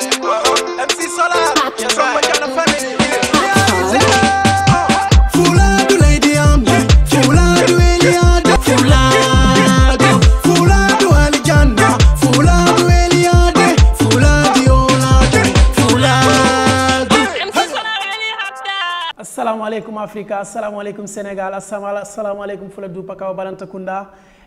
MC Solar, you're from my kind of family. assalamu alaikum africa assalamu alaikum Senegal, assalamu alaikum fula du pakaw balanta kounda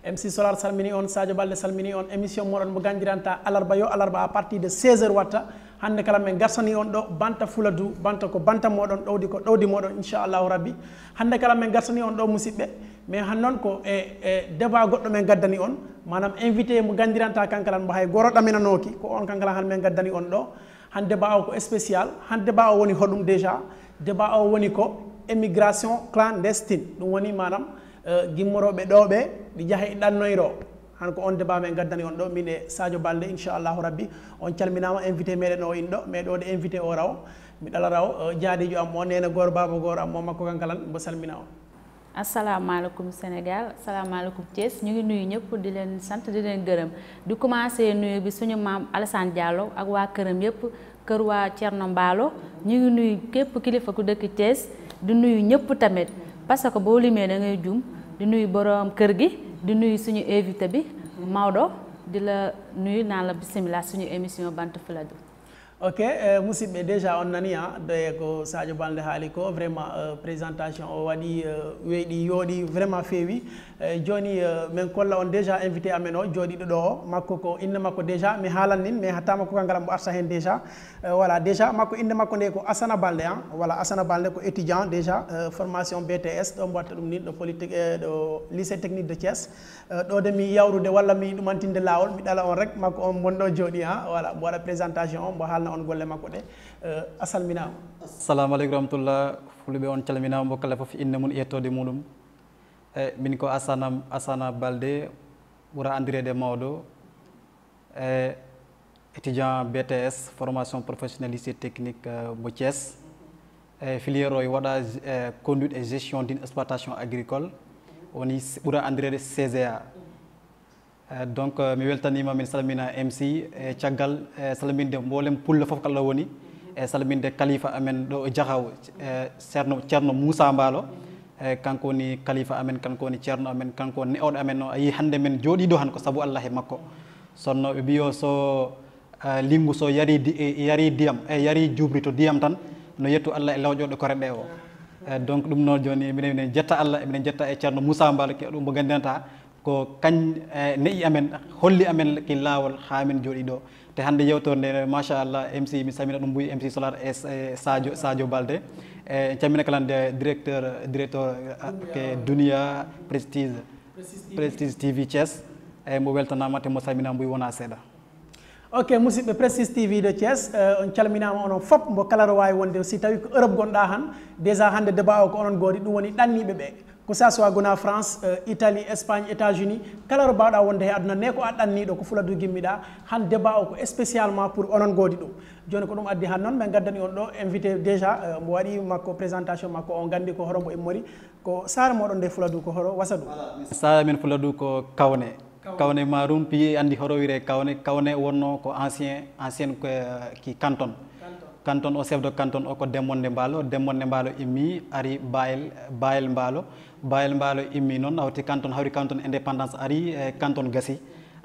mc solar salmini on sadio balde salmini on émission moɗon mo gandiranta alarba yo alarba à partir de 16 heures watta hannde kala min garsani on ɗo banta fula du banta ko banta moɗon ɗowdi ko ɗowdi moɗon inchallahu rabbi hannde kala min garsani on ɗo musidɓe mais han noon ko e e débat goɗɗo min gaddani on manam invité mo gandiranta kankalan mbo hay goro ɗaminanoki ko on kankalan han min gaddani on ɗo han débat o ko spécial han débat o woni hoɗum déjà débat o woni ko émigration clandestine ɗum woni manam Eh, gimmoroɓe ɗo ɓe ɓe jaha e ɗannoyro han ko on deba men gaddani on ɗo min e sadio balde inchallahu rabbi on calminama invité meɗen o inɗo meɗo de invité o raw mi ɗala raw eh, jaadijo am o nena goro baba goro am o makko kankalan mbo salmina on asalaamaaleykum Sénégal asalaamaaleykum Thiès ñu ngi nuyu ñëpp di leen sant di leen gërëm di commencé nuyu bi suñu maam Alassane Diallo ak waa këram yëpp kër nyu Thierno Mballo ñu ngi nuyu képp kilifa ku dëkk Thiès di nuyu ñëpp tamit parce que boo limee da ngay juum di nuyu borom kër gi di nuyu suñu invité bi Maodo di la nuyu naa la bisimilah suñu émission Bantouladou ok euh, musidɓe déjà on nani ha ah, doye ko sadio balde Haliko, vraiment euh, présentation o waɗi euh, weeɗi yooɗi vraiment feewi joni min kolla on déjà invité amen Johnny jooɗiɗo ɗo o makko ko inde makko déjà mi halanin, mais hattama kokal ngal mbo arta hen déjà voilà déjà makko inde makko nde ko asana balde hein, voilà asana balde ko étudiant déjà formation bts ɗo mbowatta ɗum nin ɗo politique ɗo lycée technique de thies ɗo de mi yawrude walla mi ɗumantinde lawol mi ɗala on rek makko on bonɗo jooɗi ha ah, voilà mbo présentation o mbo on golle makko ɗe a on calminama mo la foof inne mum yettode muɗum e, min ko asana asana balde ɓuura andirede mawɗo e étudient bts formation professionnelle lycée technique mo euh, thies e filiére o e, conduite et gestion d'une exploitation agricole woni ɓuura andirede cga euh, donc euh, mi ma min salamina mc e eh, caggal e eh, salminde mbolem pulla foof ko allah woni e eh, salminde kalifa amen ɗo e cerno cerno moussa mbaalo e kanko ni kalifa amen kanko ni ceerno amen kanko ni neoɗo amen o hande yii jodi men han ko sabu allah e makko sonno ɓe so lingu so yari yari diam e yari juubri diam tan no yettu allah e lawjodo ko rebe o donc dum no joni minen minen jetta allah minen jetta e cerno moussa mbaalo ke dum bo gandenta ko kañ e, ne'i amen holli amen ki laawol haa men jooɗii ɗo te hannde yewtoo nde machallah mc mi samina ɗum mbuyi mc solar e sadio sadio balde e camina kala nde directeur directeur ke dunia prestige prestige tv thies eyi mbo weltanaama te mo samina mbuyi wonaa seeɗa ok musidɓe prestige tv de thies e, on calminaama onon fof mbo kala ro waawi wonde si tawii ko europe gonɗaa han déjà hannde débat o ko onon goori ɗum woni ɗanniiɓe ɓee ko ce soit gona france eh, italie espagne états unis kala to mbawɗa wonde he aduna ne ko ko fuladu han débat spécialement pour onon godido. ɗum joni ko ɗum addi han on ɗo invité déjà eh, mo waɗi makko présentation makko on gandi ko horombo immori e ko sara moɗon nde fuladu ko horo wasa du fuladu ko kawne kawne marum andi kawne kawne wonno ko ancien ancienne qui eh, canton canton au chef de canton o ko demmonde mbaalo demmonde mbaalo imi, ari bayel bayel mbaalo bayel mbaalo imi non hawti canton hawri canton indépendance ari canton e gasi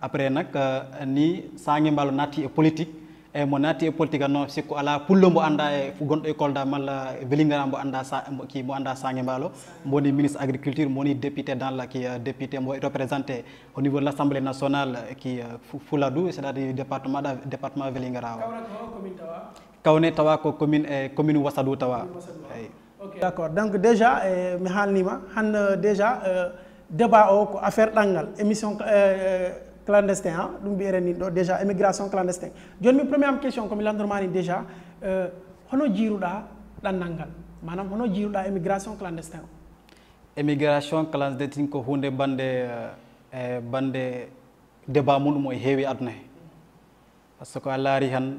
après nak e, ni sangi mbaalo nati e politique eyyi mo nati e politique non. noon sikku ala pullo mbo anda e gondo e kolda malla welingara mbo anda ki mo anda sangue Mon mbowoni ministre agriculture moni député dans la qui e, député mbo représenté au niveau de l'Assemblée nationale qui fouladou c'est à dire département département welingara kawne tawa ko commune e commune wasaɗu tawa donc déjà e eh, mi halnima han euh, déjà euh, débat o ko affaire dangal émission euh, clandestin a hein, ɗum mbiɗen nin ɗo déjà émigration clandestin joni mi premier am question komi landormani déjà hono jiiruɗa dan ngal manam hono jiiruɗa émigration clandestin o émigration clandestin ko hunde bande e bande débat muɗum o heewi aduna he par que a laari han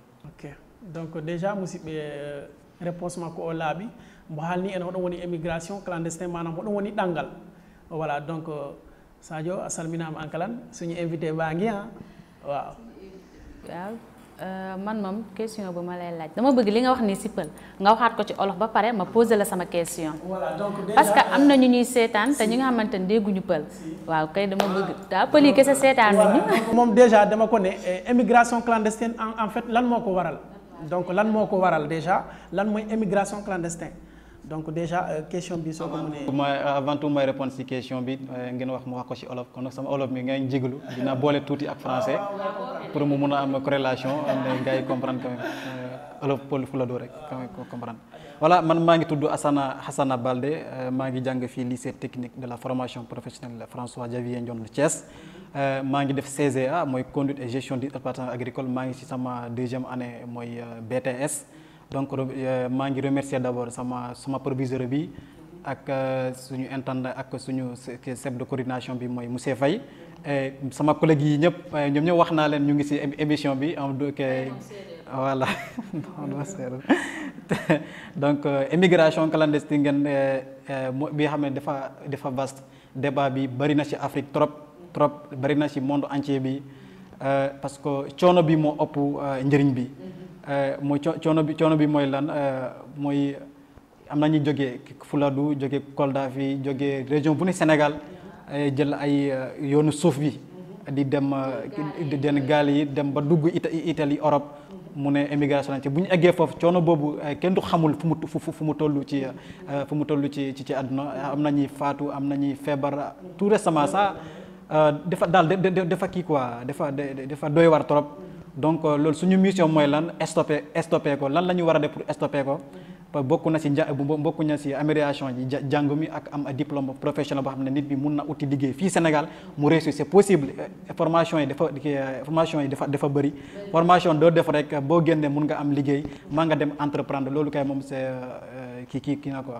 donc déjà musidɓe eh, réponse makko o laaɓi mbo haalni en hoɗon woni émigration clandestine manam hoɗon woni ɗanngal voilà donc euh, sadio a salminama an kalan suñu invité mbaangi ha ah. waaw waaw euh, man mam question bu ma lay laaj dama bëgg li nga wax ni sippal nga waxat ko ci olox ba paré ma poser la sama question. voilà donc parce que amna ñu ñuy seetaan té ñi nga xamante ne dégguñu pël. waaw kay dama bëgg ta pël yi kese seetaan ñu mom déjà dama ko né eh, émigration clandestine en fait lan moko waral donc lan moko waral déjà lan moy émigration clandestine donc déjà euh, question bi so ko mënee. avant tout may répondre ci question bi euh, ngeen wax mu wax ko ci olof kon sama olof mi ngay njéglu dina bolé touti ak français ah, pour mu meuna am corrélation am ngay comprendre quand même euh, olof pël fula do rek quand même ko comprendre. voilà man maa ngi tudd Assana Hassana Balde maa ngi jàng fi lycée technique de la formation professionnelle François javier Ndione Thiès. Euh, maa ngi def CGA mooy conduite et gestion des exploitations agricoles Mangi ngi ci sama deuxième année mooy euh, BTS donc euh, mangi ngi remercier d'abord sama sama proviseur bi ak suñu intendant ak suñu chef de coordination bi mooy monsieur Faye sama collègue yi ñëpp ñoom ñoo wax naa leen ñu ngi ci émission bi en donc voilà donc immigration clandestine ngeen bi nga xam ne dafa dafa vaste débat bi bari na ci Afrique trop trop bari na ci monde entier bi euh, parce que coono bi moo ëpp euh, njëriñ bi euh, mooy coono bi coono bi mooy lan mooy am na ñu jógee Fuladu jóge Kolda fii jógee région bu ne Sénégal jël ay yoonu suuf bi di dem den gaal yi dem ba dugg Italie Europe mu ne immigration ci bu ñu eggee foofu coono boobu kenn du xamul fu mu fu mu toll ci fu mu toll ci ci àdduna am na ñuy faatu am na ñuy feebar tout récemment ça Euh, dafa daal de dafa kii quoi dafa dafa doy war trop donc euh, loolu suñu mission mooy lan stoppé stoppé ko lan la ñu war a def pour stoppé ko bokk na si nja bokk na si amélioration yi jàng mi ak am a diplôme professionnel boo xam ne nit bi mun na uti liggéey fii Sénégal mu réussir c'est possible euh, formation yi dafa formation yi dafa dafa bëri formation doo def rek boo génnee mun nga am liggéey maa nga dem entreprendre loolu kay moom se kii kii kii na quoi.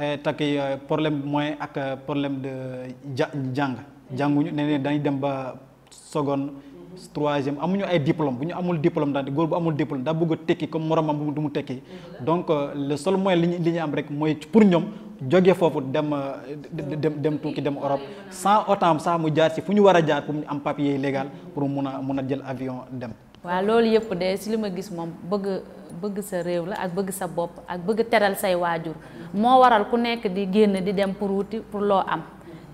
Eh, takay eh, problème moy ak eh, problème de jang janguñu néne dañuy dem ba seconde 3e amuñu ay diplôme buñu amul diplôme dal goor bu amul diplôme da bëgg tekki comme moromam bu mu tekki donc euh, le seul moyen li ñu am rek moy pour ñom joggé fofu dem dem dem tukki dem Europe sans autant sa mu jaar ci fuñu wara jaar pour am papier légal pour mëna mëna jël avion dem wa lool yépp dé ci lima gis mom bëgg bëgg sa réew la ak bëgg sa bop ak bëgg téral say wajur mo waral ku nekk di génn di dem pour wuti pour lo am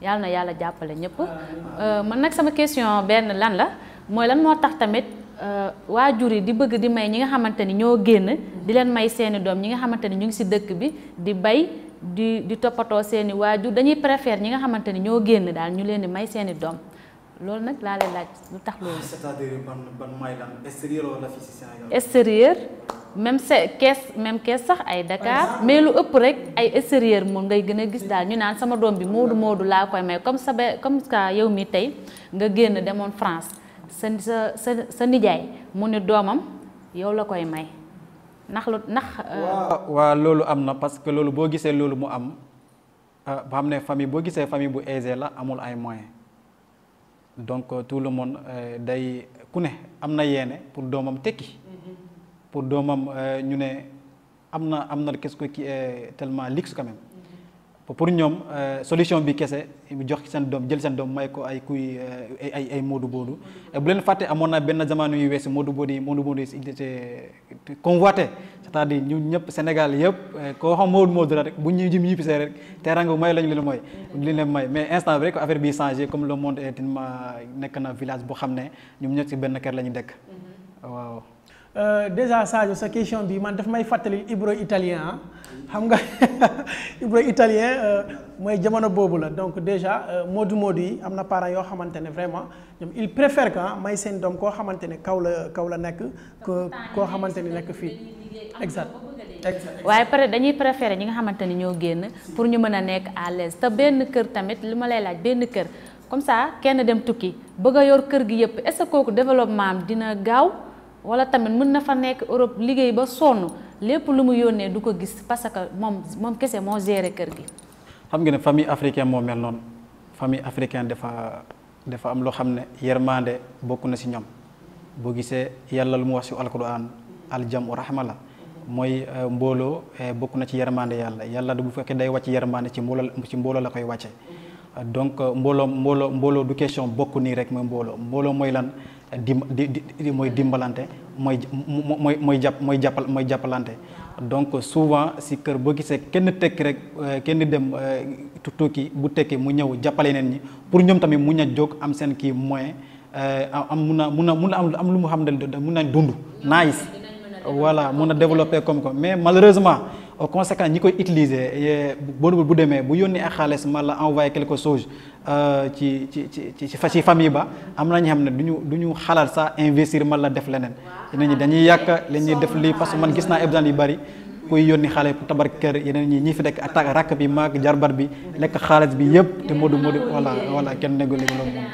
yalla na yalla jappalé ñëpp euh man nak sama question ben lan la moy lan mo tax tamit euh wajur yi di bëgg di may ñi nga xamanteni ño génn di len may seeni doom ñi nga xamanteni ñu ngi ci dëkk bi di bay di di topato seeni wajur dañuy préfère ñi nga xamanteni ño génn daal ñu len di may seeni doom lol nak la lay laaj lu tax loolu. c'est-à-dire ban ban may lan extérieur wala fi ci Sénégal. extérieur même caisse même caisse sax ay Dakar mais lu upp rek ay extérieur moom ngay gëna gis dal ñu naan sama doom bi moodu moodu la koy may comme sa comme ça yow mi tay nga génn demone France sa sa sa nijaay mu ne domam yow la koy may ndax lu ndax. wa euh, wa lolu amna parce que lolu bo gisee lolu mu am euh, ba amné famille bo gisee famille bu aisée la amul ay moyens donc euh, tout le monde day ku ne amna yene pour domam tekki. Mm-hmm. pour doomam euh, ñu ne am na am na qu'est-ce qui est tellement luxe mm-hmm. pour ñoom euh, solution bi kese jox seen doom jël seen doom may ko ay kuy euh, ay ay moodu boodu bu leen fàtte amoon na benn jamono yu wees moodu boodu yi moodu boodu yi convoité c'est-à-dire ñu ñëpp Sénégal yëpp koo xam moodu moodu la rek bu ñu jëm yippisee rek teranga bu may lañu leen mooy li leen may mais instant bi rek affaire bi changé comme le monde est tellement nekk na village boo xam ne ñoom ñëpp si benn kër la ñu dëkk mm-hmm. Euh, déjà Sadio sa question bi man daf may fatali ibro italien ah. xam nga ibro italien euh, moy jamono bobu la donc déjà euh, modou modou yi am parents yo xamantene vraiment ñoom il préfère que ah, may seen dom ko xamantene kaw la kaw la nek ko koo xamante ne nekk exact waye paré dañuy préférer ñi nga xamantene ñoo génn pour ñu mëna nek à l'aise te benn kër tamit luma lay laaj benn kër comme ça kenn dem tukki bëgg yor kër gi yëpp est-ce que kooku développement dina gaaw wala tamit mën na fa nekk Europe liggéey ba sonn lépp lu mu yónnee du ko gis parce que moom moom kese moo géré kër gi. xam nga ne famille africaine moo mel noonu famille africaine dafa dafa am loo xam ne yermande bokk na si ñoom boo gisee yàlla lu mu wax si alquran aljamu rahma la mooy euh, mbooloo euh, bokk na ci yermande yàlla yàlla bu fekkee day wàcc yermande ci mbooloo ci mbooloo la koy wàcce donc mbooloo mbooloo mbooloo du question bokk nii rek mooy mbooloo mbooloo mooy lan. dim di di mooy dimbalante mooy mooy mooy jàpp mooy jàppal mooy jàppalante donc souvent si kër boo gisee kenn tekki rek euh, kenn dem euh, tukki bu tekki mu ñëw jàppale neen ñi pour ñoom tamit mu a jóg am seen kii moyen euh, am mun a mun a mun a am lu mu xam ne mun nañ dund nice voilà mun a développer comme comme mais malheureusement au conséquent ñi koy utiliser eh, boo bu demee bu yónnee ak xaalis ma la envoyé quelque chose euh, ci ci ci ci ci famille ba am na ñu xam ne du ñu du ñu xalaat investir ma la def leneen. yeneen ñi dañuy yàq li ñuy def lii parce que man gis naa exemple yu bari. kuy yoni xale pour tabar kër yeneen ñi ñi fi nekk attaque bi maag jarbar bi lek xaalis bi yëpp te Modou Modou wala voilà kenn nekkul li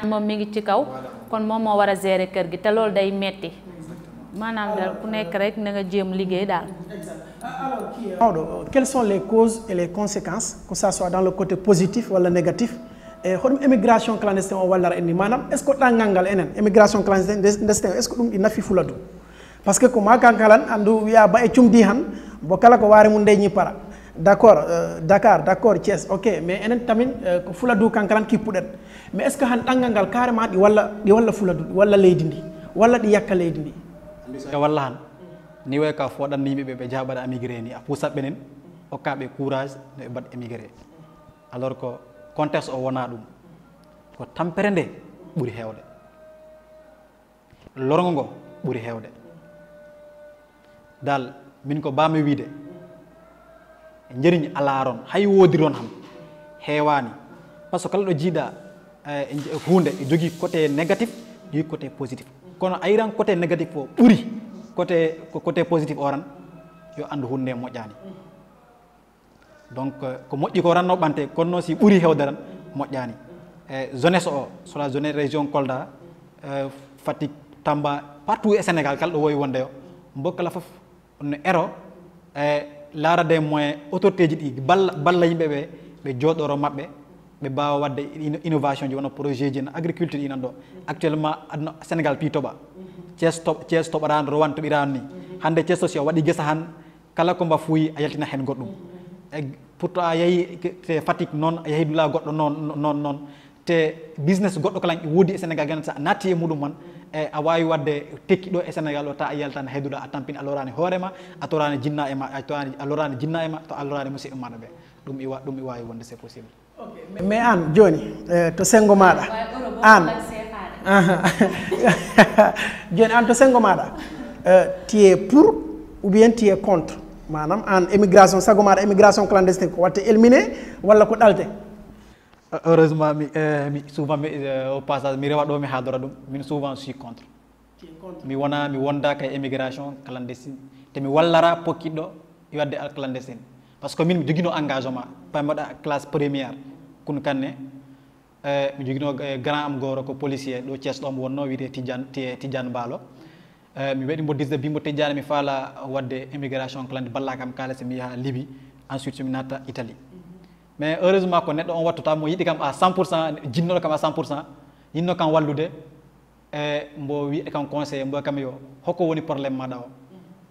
moom mi ngi ci kaw kon moom moo war a gérer kër gi te loolu day metti maanaam daal ku nekk rek na nga jéem liggéey daal. alors quelles sont les causes et les conséquences que ça soit dans le côté positif wala négatif e hoɗum émigration clandestine o wallara en manam est ce que ɗangal ngal enen émigration clandestine. est ce que il n'a nafi fula Parce que ko makankalan andu ya ba e cumdi han bo kala ko waare mum nde ñippara d' accord euh, dakar d'accord, accord ok mais enen tamin euh, ko fula du kankalan kippuɗen mais est ce que han ɗangal carrément ɗi walla ɗi walla fula du ɗi walla leydi ndi walla ɗi yakka e walla han ni way ka fooɗanni yimɓeɓe ɓe jaɓaɗa émigré ni a pusatɓe nen hokkaɓe courage no ɓe mbaɗ émigré alors ko contexte o wona ɗum ko tampere nde ɓuuri hewde lorgo ngo ɓuuri hewde dal min ko bami wiide e jeriñ alaaron hay woodiron ham heewani par ce que kala ɗo jiiɗa hunde eh, e, e jogui côté négatif jogui côté positif kono a yiran côté négatif o ɓuri côté côté positif o ran yo andu hunde moƴƴani donc euh, ko moƴƴi ko ranno ɓante kono noon si ɓuri hewde ran moƴƴani e jeunesse o sur la jeunesse région kolda e fati tamba partout e sénégal kala ɗo wowi wonde o mbokkala foof no ero e larade moyen autorité ji ɗi balla balla yimɓeɓe ɓe jooɗoro maɓɓe ɓe mbawa wadde innovation ji wona projet ji no agriculture inan ɗo actuellement adno sénégal pi toɓa ceesto ceeso toɓarano rowan toɓiran ni hande ceesto si o waɗi guesa han kala ko mba fuuyi a yaltina hen goɗɗum e pour to a yeehi te fatik noon a yeehi dula goɗɗo noon noon noon te business goɗɗo kalan woodi e sénégal gana sa natti e muɗum man e a wawi wadde tekki ɗo e sénégal o ta a yaltan heydula a tampini a lorani hoorema a torani jinna e ma a torani a lorani jinna e ma to a lorani musidɓe maɗa ɓe ɗum iwa ɗum i wawi wonde c'est possible mais an jooni e, to sengo maaɗa an jooni an to sengo maaɗa e, tiye pour ou bien tiye contre manam an émigration sago maɗa émigration clandestine ko watte elmine walla ko ɗalte heureusement mi e, mi souvent mi au passage mi rewa ɗo mi haadora ɗum min souvent suis contre mi wona mi wonda kay émigration clandestine te mi wallara pokkiɗɗo wadde al clandestine par ce que min mi jogino engagement pamiwaɗa classe premiére kun kanne e, mi jogino e, grand am goro ko policier ɗo ceesɗomo wonno wiyete tidiane tidiane mbaalo e, mi waɗi mbo disde bimbo tidiane mi faala wadde immigration kalande balla kam kala somi yaha liby ensuite somi natta italie mais heureusement ko neɗɗo on wattota mo yiɗi kam à cent pour cent jinnoɗo kam à cent pour cent yinno kam wallude e mbo wiɗe kam conseillé mboy kam yo hoko woni probléme maɗa o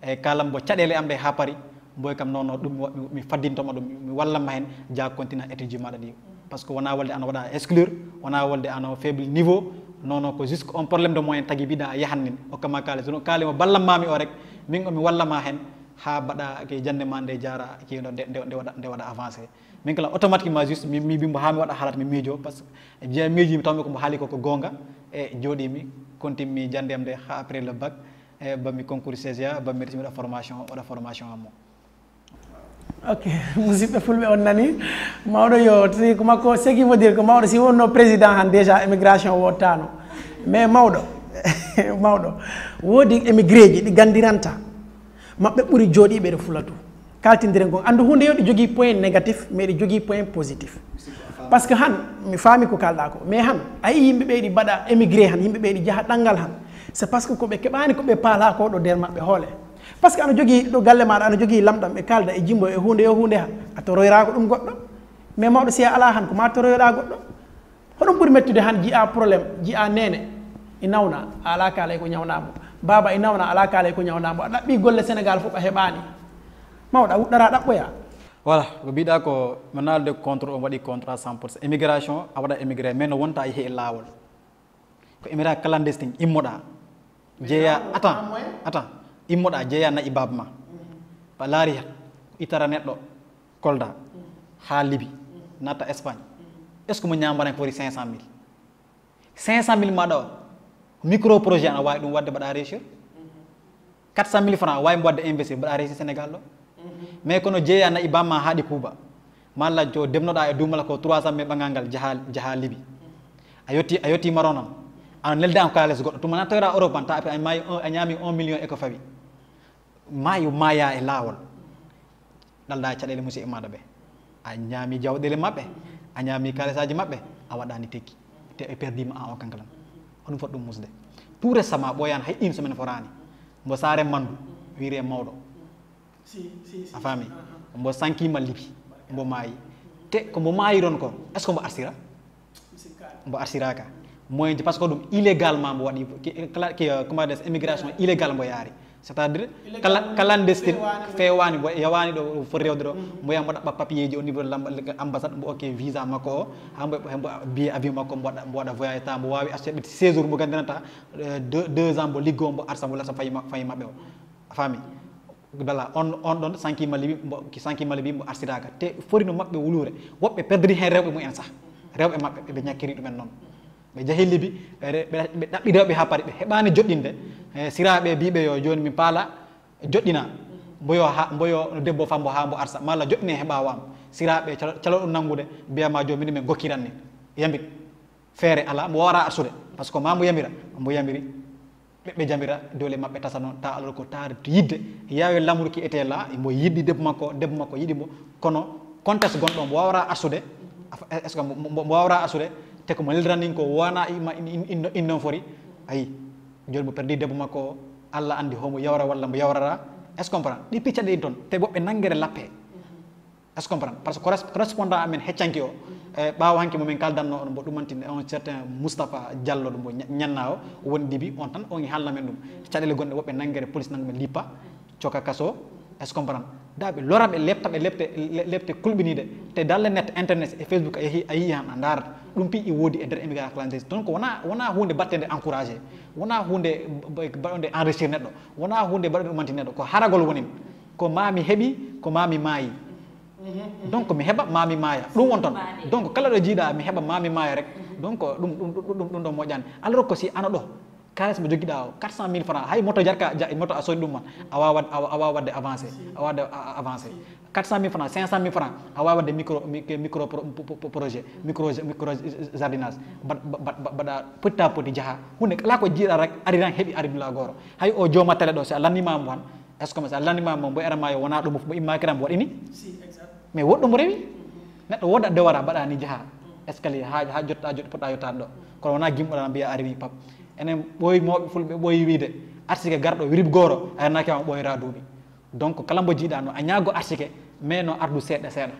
eyi kalam mbo caɗele am ɗe ha paari mboy kam noon no ɗum mi faddintoma ɗum mi wallatma hen jaa continue étudie maɗa ɗi parce que wona walde ana waɗa exclure wona walde ano faible niveau non non ko jusque un problème de moyen tagui mbiɗa yahannin hokkama kalis ɗum kaalima mi mami o rek min wala ma hen ha bada ke jande ma nde de kiɗo de wada avancer min kala automatiquement juste mi mbimo ha mi wada haalat mi miijo par ce que jeya miijimi tawmi komo haali ko gonga e continue mi jandem nde ha après le bac e mi concours cga bammi reti mi waɗa formation waɗa formation ammo ok musidɓe fulɓe on nani mawɗo yo ko makko ce qui veut dire que mawɗo si wonno président han déjà émigration wottano mais mawɗo mawɗo woodi émigré ji ɗi gandiranta maɓɓe ɓuri jooɗiɓe ɗe fula to kaltidiren gon andu hunde yo ɗi jogui point négatif mais ɗi jogui point positif par ce que han mi faami ko kalɗa ko mais han ayi yimɓeɓe ɗi mbaɗa émigré han yimɓeɓe ɗi jaaha ɗangal han c'est par ce que koɓe keɓani koɓe paala ko ɗo nder maɓɓe hoole par ce que aɗa jogii ɗo galle maɗa aɗa jogii lamɗam e kaalda e jimbo e hunde yo hunde ha a toroyrako ɗum goɗɗo mais mawɗo si a ala han ko ma toroyoɗa goɗɗo hoɗum ɓuuri mettude han jiya probléme jiya nene e nawna a ala kaalay ko ñawnamo baba e nawna ala kaalay ko ñawnamo a ɗaɓɓi golle sénégal foof a heɓani mawɗa wuɗɗara ɗaɓɓoya voilà ko mbiɗa ko manalde contrôle on waɗi contrat cent pour cent émigration a waɗa émigré mais no wonta a yeehe lawol ko émira clandestine immoɗa jeeya attend attend immoɗa jeeya nayi baaba ma ba laari hen itara neɗɗo kolda ha libi natta espagne est ce que mo ñambana ko wori 500 mille 500 mille maɗa o micro projet ana wawi ɗum wadde mbaɗa réussir 400 mille franc wawi mo wadde investir mbaɗa réussir sénégal ɗo mais kono jeeya nayi baaba ma haaɗi kuuba malla jo demnoɗa e dumala ko 300 mille ɓagal ngal jaha jaaha libi a yetti a yetti maro noon ana nelde an kalis goɗɗo tuma nattoyra europe an ta api a maayi a ñaami 1 million e ko fawi mayu maya e laawol ɗalda caɗele musidɓe maɗa ɓe a ñaami jawɗele maɓɓe a ñaami kalisaji maɓɓe a waɗani tekki te ɓe perdima an o kankalan hoɗum musde tout sama boyan, hay une semaine forani mbo saare mandu wiiri Si si a faami mbo sankima libi mbo mayi te kombo maayiron ko est ce que mbo arsira mbo arsiraka moyen par ce que ɗum illégalement mbo waɗi comment des immigration ilegal mbo yari. c' est à dire kala clandestine fewani yawani ɗo fo rewde ɗo mboya mboɗa ɓa papier ji au niveau de ambassade mbo oké visa makko o ha mbo bie avis makko mboɗa mboɗa voyage ta mbo wawi acceɓe six jours mbo gandinata euh, deux ans mbo liggo mbo arsa mbo lasa fayi mabɓe o fami bala on on ɗon sankima libi mbo sankima libi mbo arsidaka te forino mabɓe wulure woɓɓe perdri hen rewɓe mumen sa rewɓe mabɓe ɓeɓe ñakkiri ɗumen noon ɓe jahilli bi ɓe ɗaɓɓidaɓe eh, ha pari ɓe heɓani joɗɗinde siraɓe biɓe yo joni mi paala joɗɗina mboyo mboyo no debbo fambo ha mbo arsa malla joɗɗine heɓawam siraɓe caloɗo nangude mbiyama joni mini min gokkiran ni yambik ala mbo wawara arsude par ce que ma mbo yamira mbo be ɓeɓɓe jamira doole maɓɓe tasa noon ta alors ko taare to yidde yawi lamru ki ete la mbo yiɗɗi debbo makko debbo makko yiɗi kono kontes gonɗo mbo wawra arsude e, est ce que mo wara arsude te ko malliranin ko wona ima innon fori ayi joni mo perdi debbo makko allah andi homo yawra walla mo yawrara est ce comprend ɗi picca ɗin toon te woɓɓe nangguere lappe est ce comprend par ce que correspondant amen heccanki o e ɓawa hanke momin kaldanno on mbo ɗumantine on certain moustapha diallo ɗo mbo ñanna o woni diɓi on tan on e haalna men ɗum caɗele gonɗe woɓɓe nangguere police nangumen lippa coka kaso est ce comprend da ɓe loraɓe lepta ɓe lepte lepte kulɓinide te dalle net internet e facebook a yeehi a yii han a ndarata ɗum pi i woodi e nder émigrant clandise donc wona wona hunde battede encouragé wona hunde baɗode enrichir neɗɗo wona hunde baɗode ɗumanti neɗɗo ko haragol wonin ko mami heeɓi ko mami maayi donc mi heɓa mami maaya ɗum won toon donc kala ɗo jiiɗa mi heɓa mami maaya rek donc ɗum ɗum ɗum ɗum ɗo moƴani alors que si ana ɗo kalis mo jogui ɗa o 400 mille franc hay moto jarka ja, moto a soodi ɗum ma a wawa awa wadde avancé a wawde avancé 400 mille franc 500 mille franc a wawa wadde micro micro projet micro micro jardinage mbaɗa petit à petit jaaha hunde ala ko jiiɗa rek ari tan heeɓi arimi la goro hay o jooma télé ɗo so a lanndimamo tan est ce que ma so a lanndimamo mbo arama yo wona ɗum mo immakiram waɗini mais woɗɗum rewi neɗɗo woda dewara mbaɗani jaaha escalier ha ha jotta jot poɗɗa yottani ɗo kono wona gimɓoɗa mbiya arimi pap enen ɓooyi mawɓe fulɓe ɓooyi wiide artike garɗo wirib gooro aynakema ɓooyra duuɓi donc kala mbo jiiɗa no a ñaago artike mais no ardu seeɗa seeɗa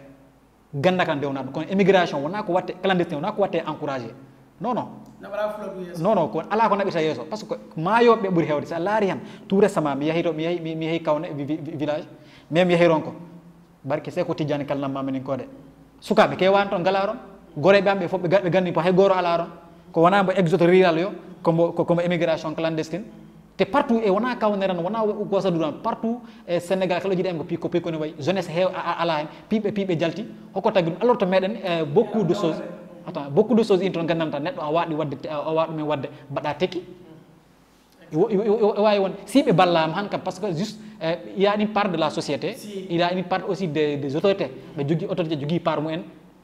ganda kam ndewnaɗu kono émigration wona ko watte clandestin wona ko watte encouragé non non non non ko ala ko naɓita yeeso par ce que maayoɓe ɓuuri heewde so a laari han tout récemment mi yahito mi yahi mi yehi kawne village mais mi yehiron ko barke se ko tijani kalnam mami nin kode sukaɓe kewani toon ngalaron goreɓe amɓe fof ɓe ganni po hay goro alaron ko wona mbo exote rural yo comme comme immigration clandestine te partout et eh, on e wona kawneran wona gosa duran partout et eh, sénégal kala jiiɗi em ko piko pikone wayi jeunesse heew ala hen piiɓe piiɓe jalti hokko tagui ɗum alors to meɗen eh, beaucoup de choses. attends beaucoup de chose in toon gandanta neɗɗo a waɗi wadde a waɗ ɗumen wadde mbaɗa teki wawi won si ɓe ballama han kam par ce que juste il y a une part de la société il y a une part aussi des, autorités mais jogui autorité jogui part mumen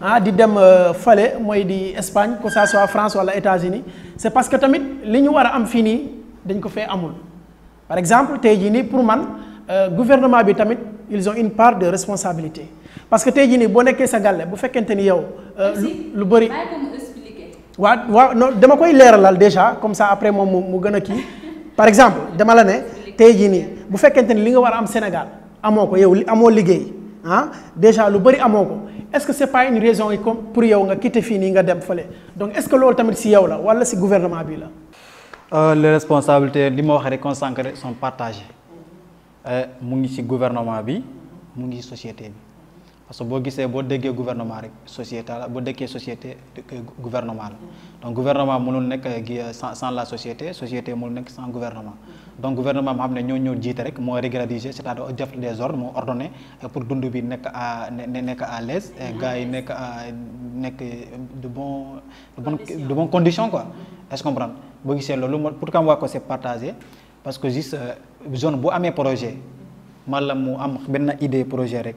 ah di dem euh, falé moy di Espagne que ça soit France wala États-Unis c'est parce que tamit liñu wara am fini dañ ko fee amul par exemple tey ni pour man euh, gouvernement bi tamit ils ont une part de responsabilité parce que tey ni bo boo sa galé bu fekkente ni yow. Euh, lu bari wa wa non dama koy léralal déjà comme ça après mom mu gëna ki par exemple dama la ne tey jii bu fekkente ni li nga wara am Sénégal amoko yow amo amoo hein ah déjà lu bari amoko est-ce que c'est pas une raison pour yow nga quitter fii nii nga dem donc est-ce que loolu tamit si yow la wala si gouvernement bi la. Euh, les responsabilités li ma wax rek sont partagées euh, mu ngi si gouvernement bi mu société parce que boo gisee boo déggee gouvernement rek société la boo déggee société gouvernement donc gouvernement mënul nekk gi euh, sans la société société mënul nekk sans gouvernement donc gouvernement moo xam ne ñoo ñoo jiite rek moo régulariser c'est-à-dire des ordres moo ordonné euh, pour que bi nekk à nekk à l'aise gars yi nekk à nekk de bon de bonnes conditions quoi est-ce que vous boo gisee loolu moo pourquoi mu wax ko c'est partagé parce que juste euh, zone bu amee projet man la mu am benn idée projet rek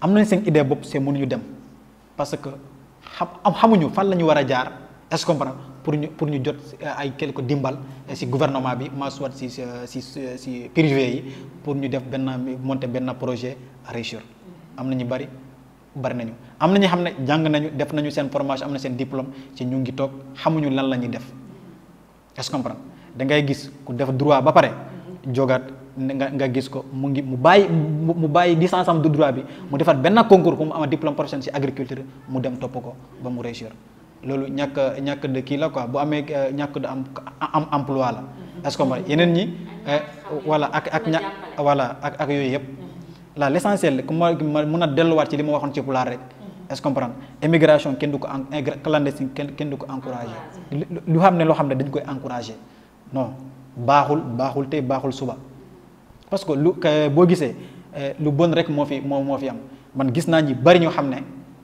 am nañ seen idée bopp c'est mënuñu dem parce que xam am xamuñu fan la ñu war a jaar est-ce pour ñu pour ñu jot euh, ay quelque dimbal ci gouvernement bi ma soit ci ci ci privé yi pour ñu def benn monter benn projet réussir am na ñu bari bari nañu am na ñu xam ne jàng nañu def nañu seen formation am na seen diplôme ci ñu ngi toog xamuñu lan la ñuy def est-ce que gis ku def droit ba pare jogat nga gis ko mu ngi mu bàyyi mu bàyyi licence am du droit bi mu defat benn concours pour mu am diplôme professionnel si agriculture mu dem top ko ba mu réussir lolou ñàkk ñàkk de ki la quoi bu amé euh, ñàkk de am am emploi la. est-ce que yenen ñi. wala euh, ak ak ña voilà ak ak yooyu yëpp. la l'essentiel ku ma mën a delluwaat ci li ma waxoon ci pulaar rek. est-ce que comprendre immigration ken du ko en clandestine kenn du ko encouragé. lu xamné lo xamné dañ koy encourager non baaxul baaxul tey baaxul suba. parce que lu boo gisee eh, lu bon rek moo fi moo moo fi am man gis naa ñi bari ñu xam ne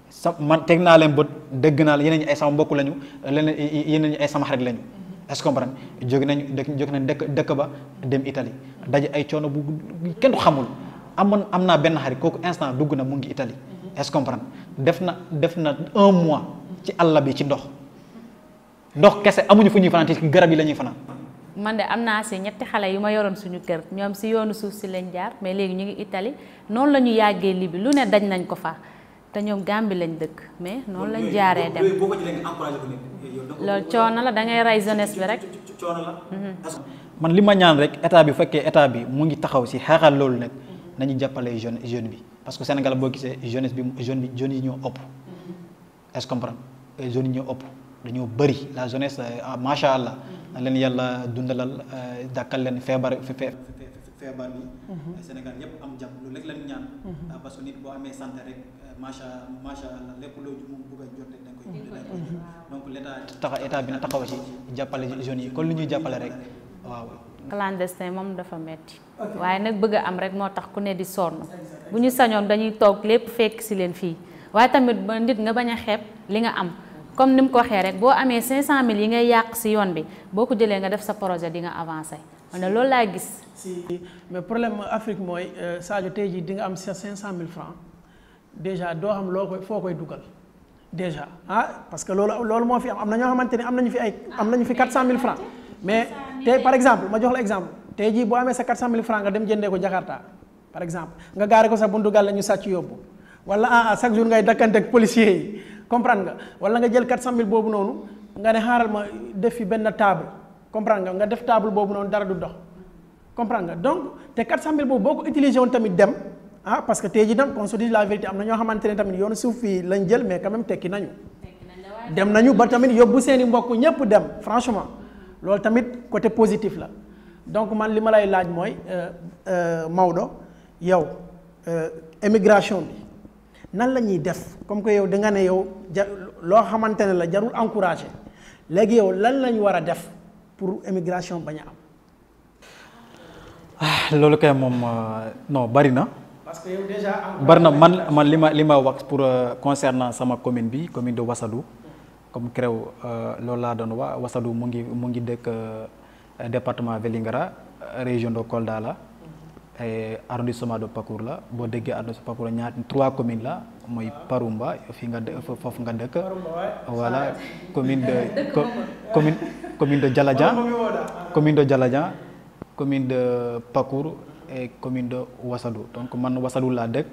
sa man teg naa leen bët dëgg naa yeneen ñi ay sama mbokk lañu leneen yeneen ñi ay sama xarit lañu. Mm-hmm. est-ce que comprendre jóge nañu jóge dëkk dëkk ba dem itali daje ay coono bu kenn du xamul amoon am naa benn xarit kooku instant dugg na mu ngi Italie mm-hmm. est-ce def na def na un mois ci àll bi ci ndox ndox kese amuñu fu ñuy fanaan ci garab yi lañuy ñuy fanaan. man de am naa si ñetti xale yu ma yoroon suñu kër ñoom si yoonu suuf si lañ jaar mais léegi ñu ngi itali noonu la ñu yàggee Libi lu ne daj nañ ko fa te ñoom Gambie lañ dëkk mais noonu lañ jaaree dem loolu coono la da ngay rey jeunesse bi rek. man li ma ñaan rek état bi fekkee état bi mu ngi taxaw si xeexal loolu nag nañu jàppale jeune jeune bi parce que Sénégal boo gisee jeunesse bi jeune bi jeune yi ñoo ëpp est-ce comprendre jeune yi ñoo ëpp. dañu bari la jeunesse euh, sha allah na mm-hmm. leen yàlla dundalal euh, dàkkal leen feebar febar ni mm-hmm. senegal yëpp am jam lu rek lañ ñaan mm-hmm. ah, parce que nit bo amé santé rek euh, ma sha allah lépp loo moom bëgg a jot dañ koy dañ koy donc l'état taxa état bi na taxaw ci jàppale jeune yi ko lu ñuy jàppale rek waaw clandestin mom dafa metti waye nak bëgg am rek mo tax ku ne di sonn bu ñu sañoon dañuy tok lepp fekk ci len fi waye tamit nit nga baña xép li nga am comme ni mu ko waxee rek boo amee 500000 yi ngay yàq si yoon bi boo ko jëlee nga def sa projet di nga avancé man loolu laa gis. si mais problème Afrique mooy euh, Sadio tey jii di nga am sa 500000 francs déjà doo xam loo koy foo koy dugal déjà ah parce que loolu loolu moo fi am na ñoo xamante ne am nañu fi am nañu fi 400000 francs mais tey par ma jox exemple tey jii boo amee sa 400000 francs nga dem jëndee ko Jakarta par exemple nga gaare ko sa buntu gàll ñu sàcc yóbbu wala ah, ah chaque jour ngay dakkante ak policier yi. comprendre nga wala nga jël 400000 boobu noonu nga ne xaaral ma def fi benn table comprendre nga nga def table boobu noonu dara du dox comprendre nga donc te 400000 boobu boo ko utilisé woon tamit dem ah parce que tey jii tam qu'on se dise la vérité am na ñoo xamante ne tamit yoonu suuf fii lañ jël mais quand même tekki nañu. dem nañu ba tamit yóbbu seen i mbokk ñëpp dem franchement loolu tamit côté positif la donc man li ma lay laaj mooy euh, euh, Maodo yow euh, émigration bi. nan lañuy def comme que yow da nga ne yow ja loo xamante la jarul encouragé léegi yow lan lañ war a def pour émigration bañ a am ah loolu kay moom euh, non bari na parce que yow déjà bari na man man li ma li ma wax pour euh, concernant sama commune bi commune de Wassadou comme créw euh, loolu laa doon wa Wassadou mu ngi mu ngi dëkk département Vélingara région de Kolda la ay eh, arrondissement de Pakour la bo déggee arrondissement Pakour la trois communes la moy Parumba fi nga dë foofu nga dëkk. voilà commune de commune commune de Jalaja, commune de Jalaja, commune de Pakour et commune de Wasadou donc man Wasadou la dëkk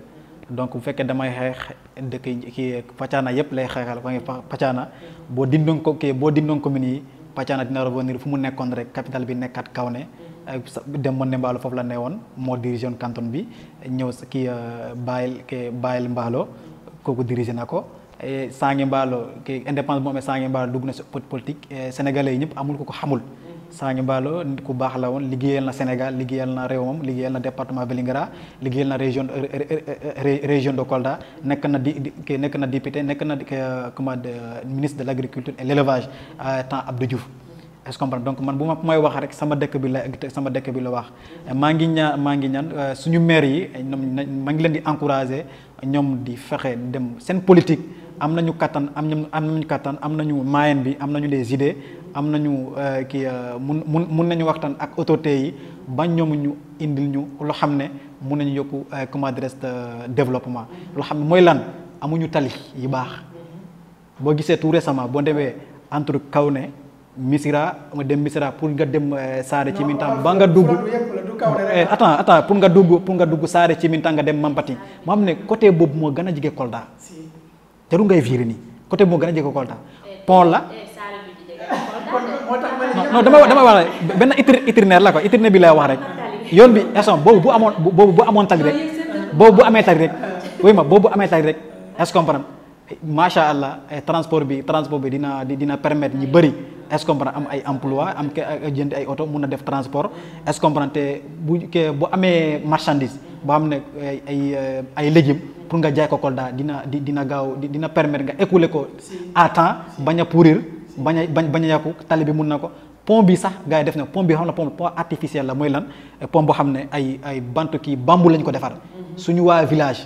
donc bu fekkee damay xeex de qui, Pàccana yëpp lay xeexal fa ngi Pàccana boo dindon ko kii boo dindoon communes yi Pàccana dina revenir fumu mu nekkoon rek capital bi nekkaat Kaolack. dem mën ne mbaalo foofu la ne woon moo dirigé woon canton bi ñëw kii euh, Bayel ke Bayel mbaalo kooku dirigé na ko Sange mbaaloo ki indépendance bu amee Sange Mballo dugg na si politique sénégalais yi ñëpp amul ku ko xamul. Sange Mballo nit ku baax la woon liggéeyal na Sénégal liggéeyal na réewam liggéeyal na département Vélingara liggéeyal na région région de Kolda nekk na di nekk na député nekk na euh, comment euh, ministre de l' agriculture et l' élevage à temps Abdou est-ce comprendre donc man buma ma may wax rek sama manginya, bi la sama dekk bi la wax ma ngi ñaan ma ngi ñaan suñu maire yi ma ngi leen di encourager ñom eh, di fexé dem sen politique am nañu katan am nañu am nañu katan am nañu mayen bi am nañu les idées am nañu eh, ki eh, mun mun nyu nañu waxtan ak autorité yi ba ñom ñu indil ñu loo xamné mun nañu yoku comment dirais développement loo xamné nyu lan amuñu tali yi bax bo gisé tout récemment bo démé entre Kaune Misira nga dem Misira pour nga dem eh, Saare ci Mintan ba nga dugg eh, attends attends pour nga dugg pour nga dugg Saare ci Mintan nga dem Mampati mo amne ne côté bob mo gëna jige Kolda teru ngay viré ni côté mo gëna jige Kolda pont la eh, non dama dama ben itir itinéraire la ko itinéraire bi lay wax rek yoon bi esson bobu bu amone bobu bu amone tag rek bobu bu amé tag rek euh. oui ma bobu amé tag rek est ce comprendre masha allah transport bi transport bi dina dina permettre ñi bari est-ce am ay emploi am ke jënd ay auto mëna def transport est-ce comprendre té bu ke bu amé marchandise boo xam ay ay légumes pour nga jaay ko Kolda dina dina gaaw dina permettre nga écouler ko à temps baña pourrir baña baña yakku bañ tali bi mun ko pont bi sax gaay def na pont bi xamna pont artificiel la moy lan pont bo xamné ay ay bantu ki bambu lañ ko défar suñu wa village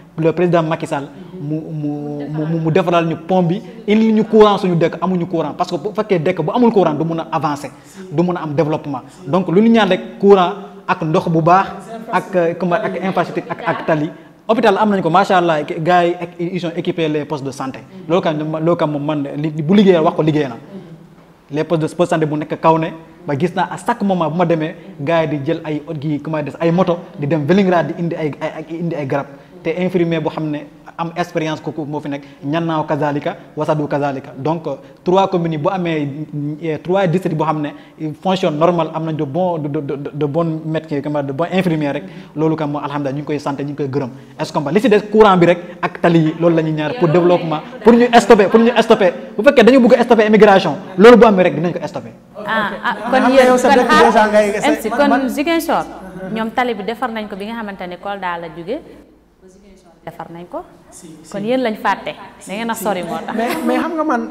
le président Macky Sall mu mu mu defaral ñu pont bi indi ñu courant suñu dëkk amuñu courant parce que bu fekkee dëkk bu amul courant du mun a avancer du mun a am développement donc lu ñu ñaan rek courant ak ndox bu baax ak euh, comme ak infrastructure ak ak tali hôpital am nañ ko macha allah gars yi ils sont équipés les postes de santé loolu kam loolu kam moom man bu liggéey wax ko liggéey na les postes de santé bu nekk kaw ne ba gis naa à chaque moment bu ma demee gars yi di jël ay ot comment des ay moto di dem Vélingara di indi ay ay indi ay garab té infirmier bu xamné ne am expérience koku mo fi nek ñannaaw kazalika wasadu kazalika donc euh, trois communes bu amé euh, trois districts bu xamné fonctionne normal normale am nañ de bon de de de bon médecin comme de bon infirmier rek lolu kam moo alhamdulilah ñu koy santé ñu koy gërëm est-ce que li ci des courant bi rek ak tali yi loolu ñaar pour développement pour ñu stopper pour ñu stopper bu fekké dañu bëgg a stopper immigration loolu bu amé rek dinañ ko stopper. ah ah kon yéen kon ah kon Ziguinchor ñoom tali bi defar nañ ko bi nga xamante ne Kolda la juggé defar nañ ko kon yéen lañ fàtte da ngeen a sori moo tax mais xam nga man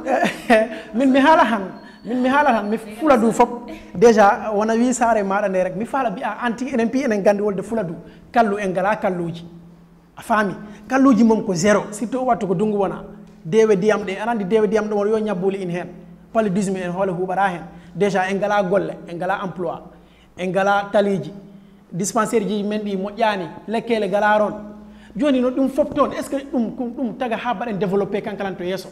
min mi xaala han min mi xaala han mi fula du fop déjà wona wi saare maɗa nde rek mi faala bi a anti enen pi enen gandi wolde fula du kallu en ngala kalluji a faami kalluji mom ko zéro surtout wattu ko dungu wona dewe diyam ɗe aɗa anndi dewe diyam ɗe won yo ñabbuli in heen palle dusmi en hoole huɓara heen déjà en ngala golle en ngala emploi en ngala taliji dispensaire ji men ɗi moƴƴani lekkele ngala ron joni no ɗum fof toon est ce que ɗum ɗum ɗum taga ha mbaɗen développé kankalan to yesso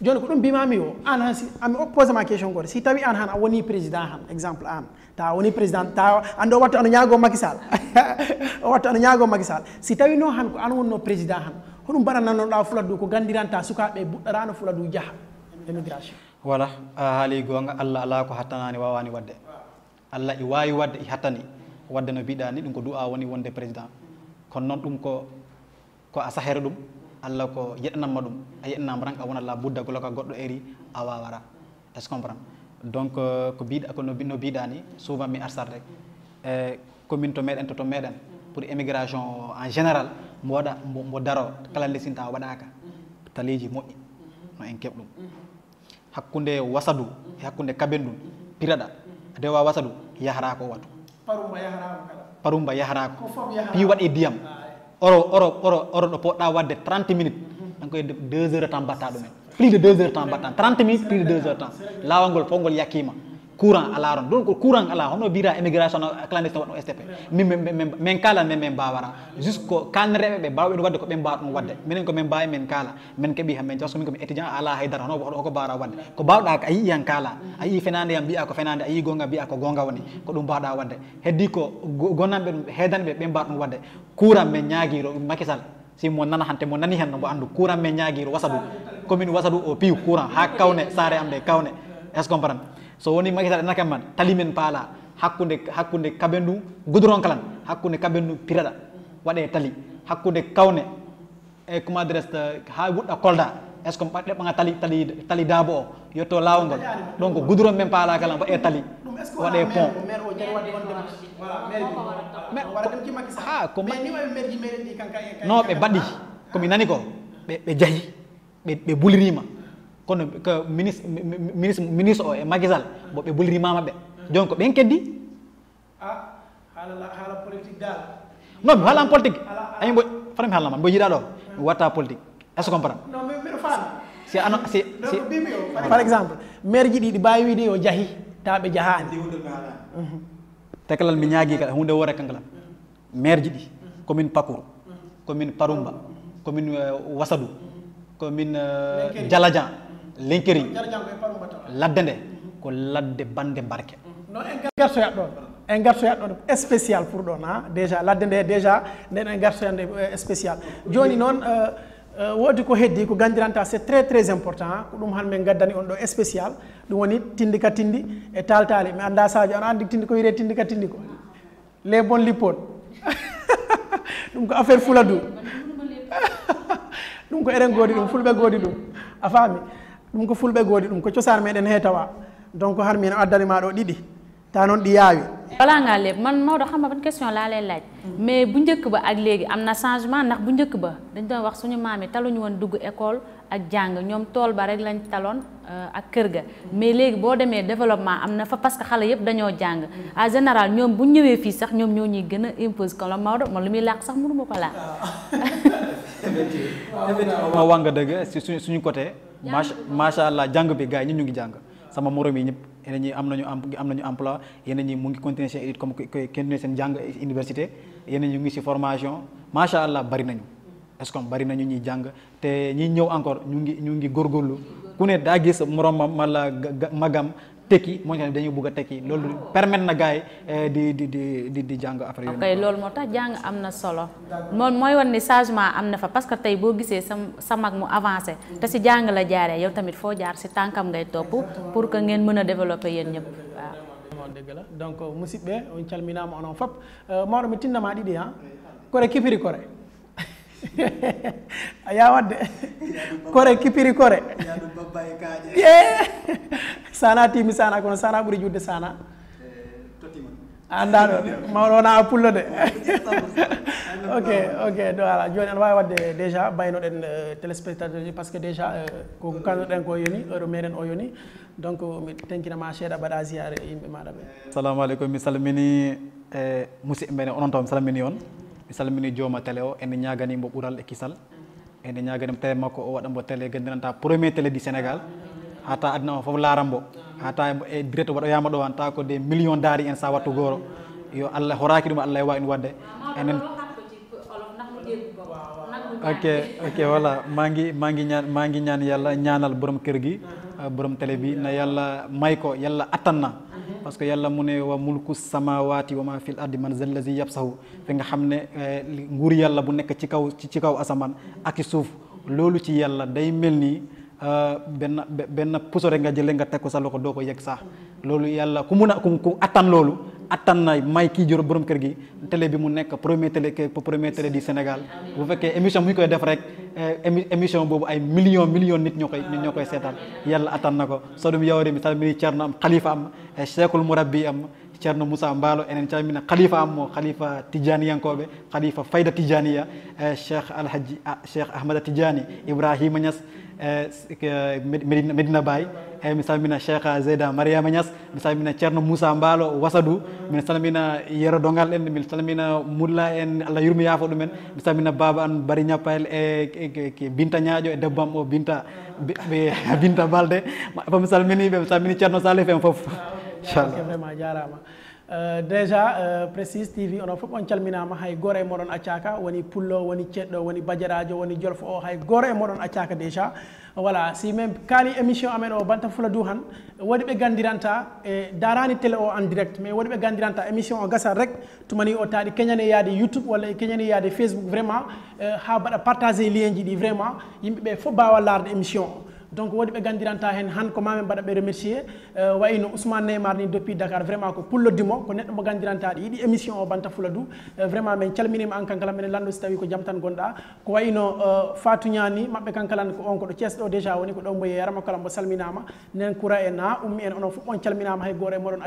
joni ko ɗum mbimami o an han si ami oppose ma question goto si tawi an han a woni président han exemple an ta woni président ta ande o watta ano ñaago makisal o watta ano ñaago makisal si tawi no han ko an wonno président han hoɗum mbaɗa nannoɗa fuladdu ko gandiranta sukaɓe buɗɗarano fuladdu jaaha émigration voilà a haali gonga allah ala ko hattanani wawani wadde allah i wawi wadde i hattani wadde no mbiɗani ɗum ko du'a woni wonde président kono noon ɗum ko ko asa herdum allah ko yeɗananma madum a yeɗanama tan ka wonalla budda ko ka goddo eri awa wara, es ce comprendre donc ko bid ak no mbiɗa ni souvent mi arsar rek e commune to meden toto meden pour immigration en général mo waɗa mo daro kala lesinta waɗaka taleji mo no en keɓ ɗum hakunde wasadu e hakkunde pirada ɗum wa wa wasadu yahara ko watu parumba yaharako piwaɗe diyam ah. oro oro oro oro ɗo poɗɗa wadde 30 minutes tan koye deux heures tan mbatta ɗumen plus de deux heures tan mbatta 30 minutes plus de deux heures tan lawol ngol fof ngol yakkima courant ala ron ko courant ala hono bira immigration clandestine wadno stp min men kala men men bawara jusqu'au kalnereɓe ɓe mbawɓe ɗum wadde ko be mbawat dum wadde menen ko men mbawi men kala men kebi ha men jossumi ko komi ala haydara hono ko bawra wadde ko bawda a yii yan kala ayi fenande yam mbiya ko fenande ayi gonga bi ko gonga woni ko dum mbawɗa wadde heddi ko gonnanɓe ɗum be ɓe mbawat ɗum wadde courant min ñaguiro makisal si mo nana hante mo nani hen bo andu courant min ñaguiro wasadu commune wasadu o piu courant ha kawne sare am de kawne est ce comprendre so woni makita na kam man talimen pala hakkunde hakkunde kabendu gudron kalan hakkunde kabendu pirada wade tali hakkunde kawne e kuma adresse ha gudda kolda est ce que mbadde tali tali tali dabo yoto yotto lawngol donc gudron men pala kalan e tali wade pont ha ko no be badi ko mi nani ko be be jahi be bulirima kono ko minis minis minis o e magisal bo ɓe bolirima maɓɓe be, ko ben keddi ah, hala politique dal non hala politique ay bo fana hala man bo yiɗa do wata politique est ce comprendre non mais faala si ano si si par exemple maire ji ɗi ɗi mbawi wiide yo jaahi tawa ɓe jahani mhm. tekalal mi nyaagi kala hunde wore kankalam maire ji ɗi commune pakour commune parumba commune wasadou euh, commune euh, jalajan. lenkeri laddende ko ladde bande barke mm-hmm. no en gartoyat ɗon en gartoyat ɗon spécial pour ɗon ha déjà ladde nde déjà nene en gartoyande eh, spécial joni non, euh, euh, wodi ko heddi ko gandiranta c'est très très important ko dum han min gaddani on do spécial dum woni tindi ka tindi e taltali Mais anda saaji on andi tindi ko yire tindi ka tindi ko les bons lippon ɗum ko affaire fuladu dum ko eɗen goodi ɗum fulɓe goodi ɗum a fami ɗum ko fulɓe goodi ɗum ko cosar meɗen heetawa donc har min addani ma ɗo ɗiɗi ta noon di yaawi wala nga léeb man Maodo xam nga ban question laa lay laaj mais bu njëkk ba ak léegi am na changement ndax bu njëkk ba dañ doon wax suñu maam yi taluñu woon dugg école ak jàng ñoom tool ba rek lañ taloon euh, ak kër ga mais léegi boo demee développement am na fa parce que xale yëpp dañoo jàng en ñoom bu ñëwee fii sax ñoom ñoo ñuy gën a impose ko la Maodo man lu muy làq sax mënu ma ko làq ah. effectivement waa nga dëgg si suñu suñu côté. macha allah jàng bi gars yi ñu ngi jàng sama moroom yi ñëpp yeneen ñi am nañu am nañu emploi yeneen ñi mu ngi continuer seen étude comme continuer seen jàng université yeneen ñu ngi si formation macha allah bari nañu. est-ce bari nañu ñuy jàng te ñi ñëw encore ñu ngi ñu ngi góorgóorlu ku ne daa gis moromam ma la magam tekki mooy que dañu bugg a tekki loolu permettre na gars yi eh, di di di di jàng affaire yooyu. loolu moo tax jàng am na solo. moom mooy wan ni changement am na fa parce que tey boo gisee sa sa mag mu avancé te si jàng la jaaree yow tamit foo jaar si tànkam ngay topp pour que ngeen mën a développer yéen ñëpp waaw. dëgg la donc euh, musidɓe on calminaama onon fof euh, mawɗo mi tinnama ɗiɗi ah. kore kifiri kore a yawatde kore kipiri kore e sana timi sana kono sana ɓuuri judde sana anda ɗo mawɗo wona a pullo de ok ok do ala joni aɗa wawi wadde déjà baynoɗen eh, téléspectateur ji par ce que déjà eh, ko kanduɗen ko yoni heure meɗen o yoni donc mi tenkinama seeɗa mbaɗa ziare yimɓe maɗa ɓe salamu aleykum mi salmini e eh, musidɓe mene onon taw mi salmini on mi mini joma tele o ene mbo ɓuural e kisal ene ñaganimo tele mako o waɗa mbo télé premier tele di Senegal, hata adna fof foof laaran hata e, e direct yama do wanta ko de million dari en sa wattu goro yo allah horaki dum allah e wawi wadde enen oke oke wala mangi mangi ñaan mangi ñaan yalla ñaanal borom kër gi borom tele bi na yalla may ko yalla atanna parce que yàlla mu ne wa mulku samawati wa ma fil ardi man zal lazi yabsahu fi nga xam ne eh, nguur yàlla bu nekk ci kaw ci ci kaw asamaan ak i suuf loolu ci yàlla day mel nii eh, benn benn puso nga jële nga teg ko sa loxo doo ko yegg sax loolu yàlla ku mun a ku attan loolu attan na may kii jur borom kër gi télé bi mu nekk premier télé premier télé du Sénégal bu fekkee émission bu koy def rek eh, émi émission boobu ay million million nit ñoo koy ñoo koy seetaan yàlla attan na ko sodum yawri mi tamit Cerno am xalifa am eh, Cheikhul Murabbi am ceerno moussa mbaalo enen calmina khalifa am mo khalifa tidianiyankoɓe khalifa fayda tidianiya e cheikh alhaji cheikh ahmada tidiani ibrahima nias e medina baye eyyi mi salmina cheikha zeyda mariama nias mi salmina ceerno moussa mbaalo wasadou min salmina yero dongal en min salmina mulla en allah yurmi yaafo ɗumen mi salmina baba an bari ñappael e binta ñaaƴo e debbo am o binta binta balde fof mi salminiɓe mi salmini ceerno salif en foof inchallah vraiment jarama euh, déjà euh, précise tv onon fof on calminama hay goore e moɗon accaka woni pullo woni ceɗɗo woni badjaradio woni jolfo o hay goore e moɗon accaka déjà voilà si min kaali émission amen o banta fula du han woɗi ɓe gandiranta e darani télé o en direct mais woɗi ɓe gandiranta émission o gasa rek tumani o taɗi keñani yaade youtube walla e keñani yaade facebook vraiment euh, ha baɗa partagé lien ji ɗi vraiment yimɓeɓe fof mbawa larde émission o donc wodi be gandiranta hen han ko mamen bada be remercier euh wayno ousmane neymar ni depuis dakar vraiment ko pullodimo ko neddo mo gandiranta ɗo émission o banta fuladu euh, vraiment mais, calminima en kankala minen lando si tawi ko jam tan gonɗa ko wayi no euh, fatuñani kankalan ko on koɗo cees ɗo déjà woni ko ɗo mbo kala mo salminama nen kura en ha ummi en ono, fu on calminama hay gore e moɗon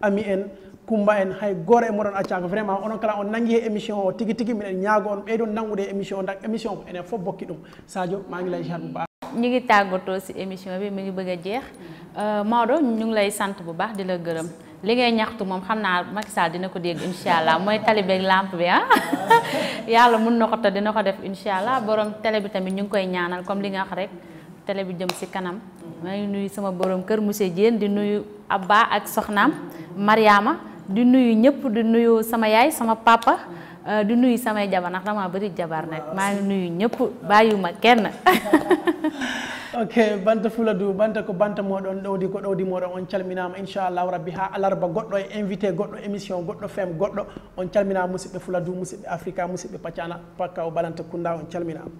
ami en kumba en hay gore e moɗon accaka vraiment onon kala on nangi he émission o tigi tigi miɗen ñaago on ɓeydon nangude e émission o dak émission ko enen bokki dum sadio ma guila e ñu ngi tagoto si émission bi mi ngi bëgg jeex euh Maodo ñu ngi lay sante bu baax di la gërëm li ngay ñaxtu mom xamna Macky Sall dina ko dégg inshallah allah mooy tali beeg lampe bi ha ah. yalla mën nako ta dina ko def inshallah borom télé bi tamit ñu ngi koy ñaanal comme li nga wax rek télé bi jëm ci kanam. may nuyu sama borom kër monsieur Diène di nuyu Abba ak soxnam Mariama di nuyu ñëpp di nuyu sama yaay sama papa. Eh, dulu nuyu sama jabar nak dama bëri jabar nag ma ngi nuyu ñëpp bàyyuma kenn ok banta du banta ko banta moɗon ɗowdi ko ɗowdi moɗon on calminama inshallah rabbi ha alarba goddo e invité goddo e émission goddo fem goddo on calminama musidɓe fuladu musidɓe africa musidɓe pacana pakka o balanta kunda on calminama